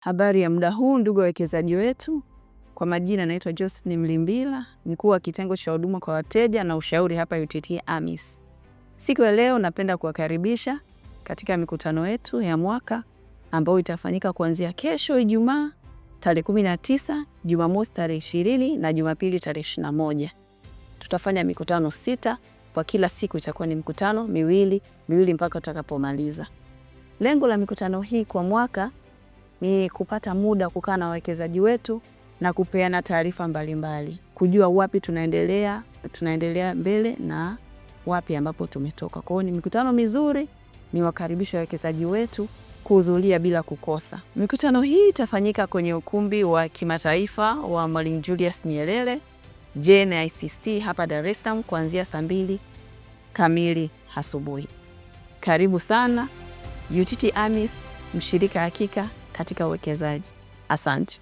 Habari ya muda huu ndugu wawekezaji wetu, kwa majina naitwa Josephine Mlimbila, mkuu wa kitengo cha huduma kwa wateja na ushauri hapa UTT AMIS. Siku ya leo napenda kuwakaribisha katika mikutano yetu ya mwaka ambayo itafanyika kuanzia kesho Ijumaa tarehe 19, Jumamosi tarehe 20 na Jumapili tarehe 21. Tutafanya mikutano sita kwa kila siku, itakuwa ni mkutano miwili miwili mpaka tutakapomaliza. Lengo la mikutano hii kwa mwaka ni kupata muda kukaa na wawekezaji wetu na kupeana taarifa mbalimbali, kujua wapi tunaendelea tunaendelea mbele na wapi ambapo tumetoka. Kwa hiyo ni mikutano mizuri, ni wakaribisha wawekezaji wetu kuhudhuria bila kukosa. Mikutano hii itafanyika kwenye ukumbi wa kimataifa wa Mwalimu Julius Nyerere JNICC hapa Dar es Salaam kuanzia saa mbili kamili asubuhi. Karibu sana. UTT AMIS mshirika hakika katika uwekezaji. Asante.